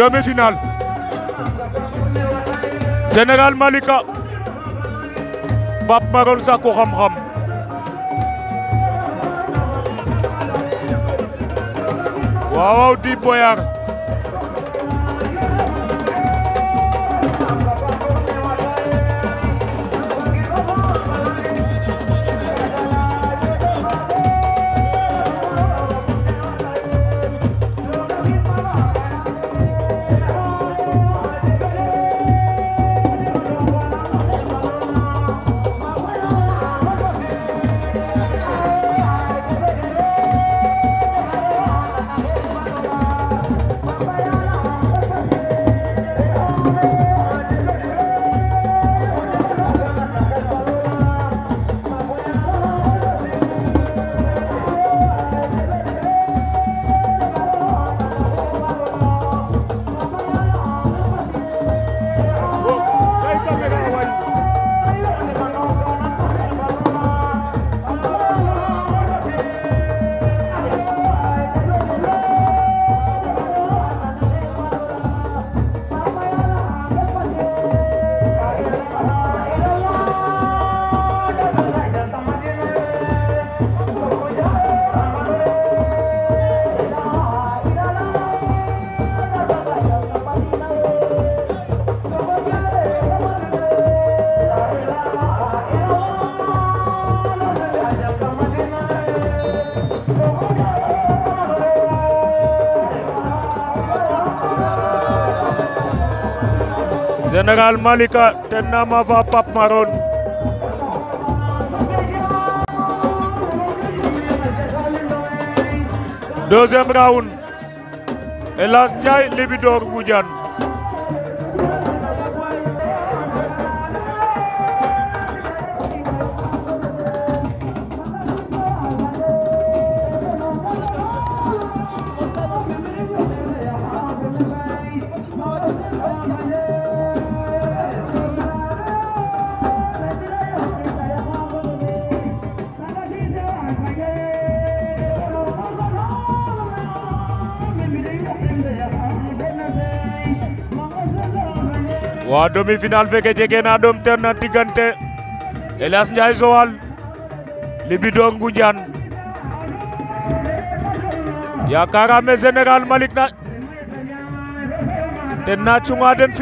demi-finale Général Malika Pape Maron xam-xam waaw di boyar Général Malika tenna ma fa Pape Maron deuxième round Elas Ndiaye Libidor Goudiane waa demi-finale feke jege na ɗom ten na diggante Elias Ndiaye Joal Libidor Ngoundiane yakarame Général na ten na cunga den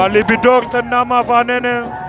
Alibi Doktor Nama Vanene.